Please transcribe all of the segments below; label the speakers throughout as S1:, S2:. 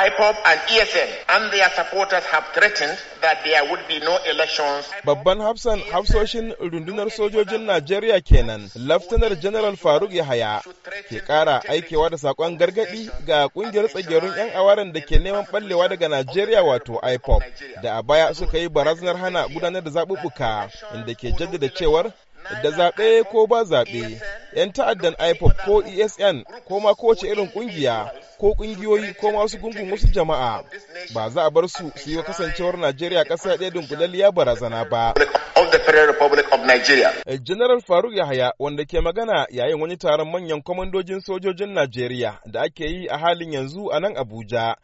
S1: IPOP and ESN and their supporters have threatened that there would be no elections. Babban hafsan hafsoshin rundunar sojojin Najeriya kenan, Laftanar General Faruk Yahaya ke kara aikewa da sakon gargadi ga kungiyar tsagerun 'yan awaren da ke neman ballewa daga Najeriya wato Ipop da a baya suka yi barazanar hana gudanar da zaɓuɓɓuka inda ke jaddada cewar da zaɓe ko ba zaɓe, 'yan ta'addan Ipop ko ESN ko ma kowace irin ƙungiya ko kungiyoyi ko masu gungun wasu jama'a ba za a bar su su yi kasancewar Najeriya ƙasa ɗaya dunkulalliya barazana ba. Eh, General Faruk Yahaya wanda ke magana yayin wani taron manyan kwamandojin sojojin Najeriya da ake yi a halin yanzu a nan Abuja.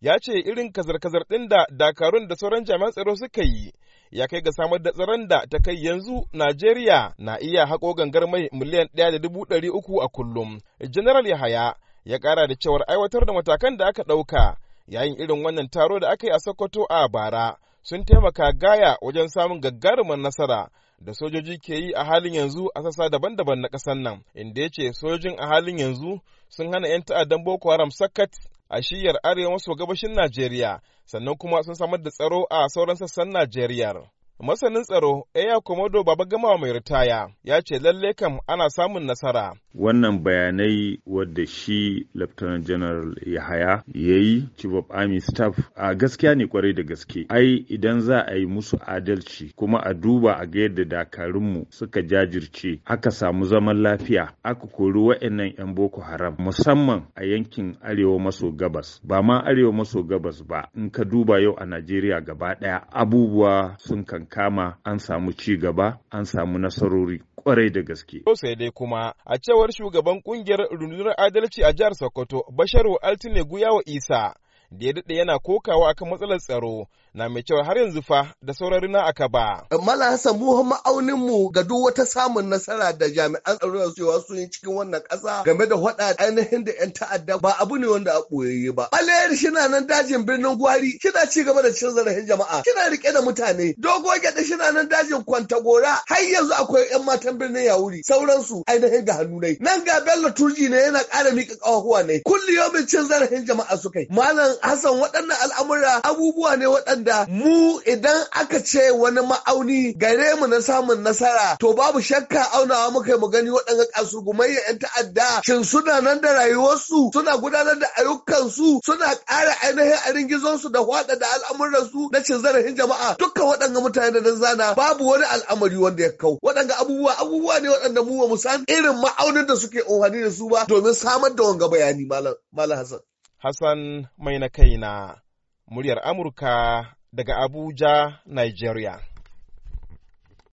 S1: Ya ce irin kazar-kazar ɗin da dakarun da sauran jami'an tsaro suka yi ya kai ga samar da tsaron da ta kai yanzu Najeriya na iya haƙo gangar mai miliyan ɗaya da dubu ɗari uku a kullum. Eh, General Yahaya ya kara da cewar aiwatar da matakan da aka ɗauka yayin irin wannan taro da aka yi a Sokoto a bara sun taimaka gaya wajen samun gagarumar nasara da sojoji ke yi a halin yanzu a sassa daban-daban na ƙasar nan inda ya ce sojojin a halin yanzu sun hana 'yan ta'addan boko haram sakat a shiyar arewa maso gabashin najeriya sannan kuma sun samar da tsaro a sauran sassan najeriya masanin tsaro eya komodo baba gama mai ritaya ya ce lalle kam ana samun nasara
S2: wannan bayanai wadda shi lieutenant general yahaya ya yi chief of army staff a gaskiya ne kwarai da gaske ai idan za a yi musu adalci kuma a duba a ga yadda dakarunmu suka jajirce aka samu zaman lafiya aka kori wa'annan 'yan boko haram musamman a yankin arewa maso gabas ba ma arewa maso gabas ba in ka duba yau a najeriya gaba daya abubuwa sun kankama an samu ci gaba an samu nasarori kwarai da gaske.
S1: sai dai kuma a shugaban kungiyar rundunar adalci a jihar Sokoto, Basharu Altinegu yawo Isa, da ya daɗe yana kokawa akan matsalar tsaro na mai cewa har yanzu fa da saurari na aka ba.
S3: Mala Hassan mu ma'aunin mu ga duk wata samun nasara da jami'an tsaro cewa sun yi cikin wannan ƙasa game da hada ainihin da 'yan ta'adda ba abu ne wanda a ɓoyayye ba. Balayar shina nan dajin birnin Gwari kina ci gaba da cin zarafin jama'a kina rike da mutane dogo gyaɗa shina nan dajin Kwantagora har yanzu akwai 'yan matan birnin Yawuri sauransu ainihin ga hannu nai. Nan ga Bello Turji ne yana ƙara miƙa ƙawahuwa ne. Kulliyomin cin zarafin jama'a suka yi. Malam Hassan waɗannan al'amura abubuwa ne waɗanda mu idan aka ce wani ma'auni gare mu na samun nasara to babu shakka aunawa muka yi mu gani waɗannan kasurgumai yan ta'adda shin suna nan da rayuwarsu suna gudanar da ayyukansu suna ƙara ainihin a ringizonsu da hwada da al'amuransu na cin zarafin jama'a dukkan waɗannan mutane da nan zana babu wani al'amari wanda ya kau waɗanga abubuwa abubuwa ne waɗanda mu ba mu san irin ma'aunin da suke unhani da su ba domin samar da wanga bayani malam Hassan.
S1: Hassan mai na kaina, muryar Amurka daga Abuja, Nigeria.